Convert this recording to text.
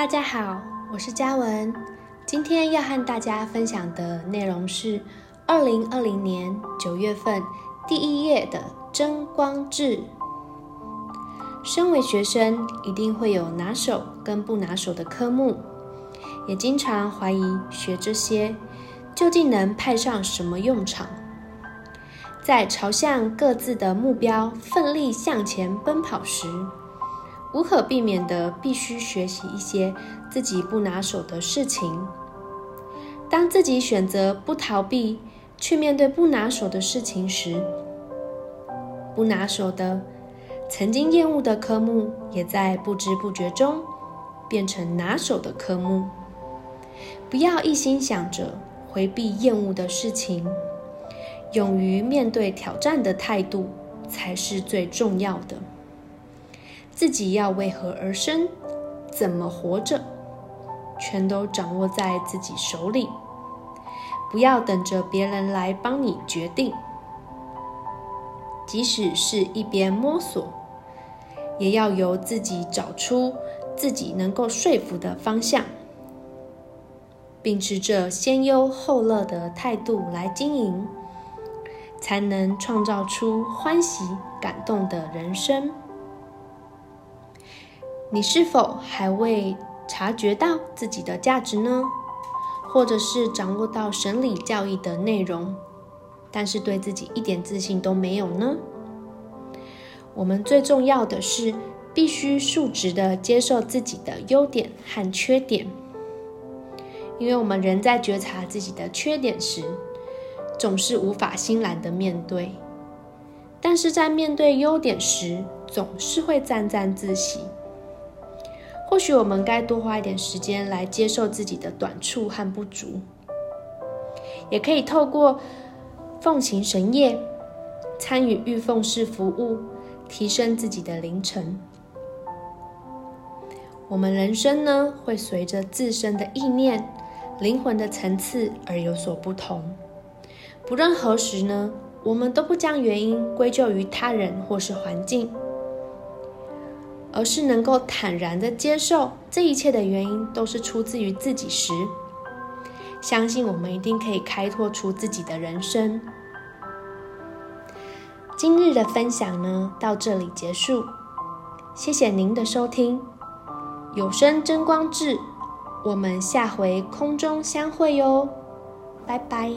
大家好，我是嘉彣。今天要和大家分享的內容是二零二零年九月份第一頁的真光誌。身為學生，一定會有拿手跟不拿手的科目，也經常懷疑學這些究竟能派上什麼用場。在朝向各自的目標奮力向前奔跑時，無可避免的，必須學習一些自己不拿手的事情。當自己選擇不逃避，去面對不拿手的事情時，不拿手的、曾經厭惡的科目，也在不知不覺中變成拿手的科目。不要一心想着回避厭惡的事情，勇於面對挑戰的態度才是最重要的。自己要為何而生，怎麼活着，全都掌握在自己手裡。不要等着別人來幫你決定，即使是一邊摸索，也要由自己找出自己能夠說服的方向，秉持着先憂後樂的態度來經營，才能創造出歡喜感動的人生。你是否還未察覺到自己的價值呢？或者是掌握到神理教義的內容，但是對自己一點自信都沒有呢？我們最重要的是必須素直的接受自己的優點和缺點，因為我們人在覺察自己的缺點時，總是無法欣然的面對，但是在面對優點時，總是會沾沾自喜。或許我們該多花一點時間來接受自己的短處和不足，也可以透過奉行神業、參與御奉式服務，提升自己的靈程。我們人生呢，會隨着自身的意念、靈魂的層次而有所不同。不論何時呢，我們都不將原因歸咎於他人或是環境。而是能夠坦然地接受這一切的原因都是出自於自己時，相信我們一定可以開拓出自己的人生。今日的分享呢，到這裡結束，謝謝您的收聽。有聲真光誌，我們下回空中相會喲，拜拜。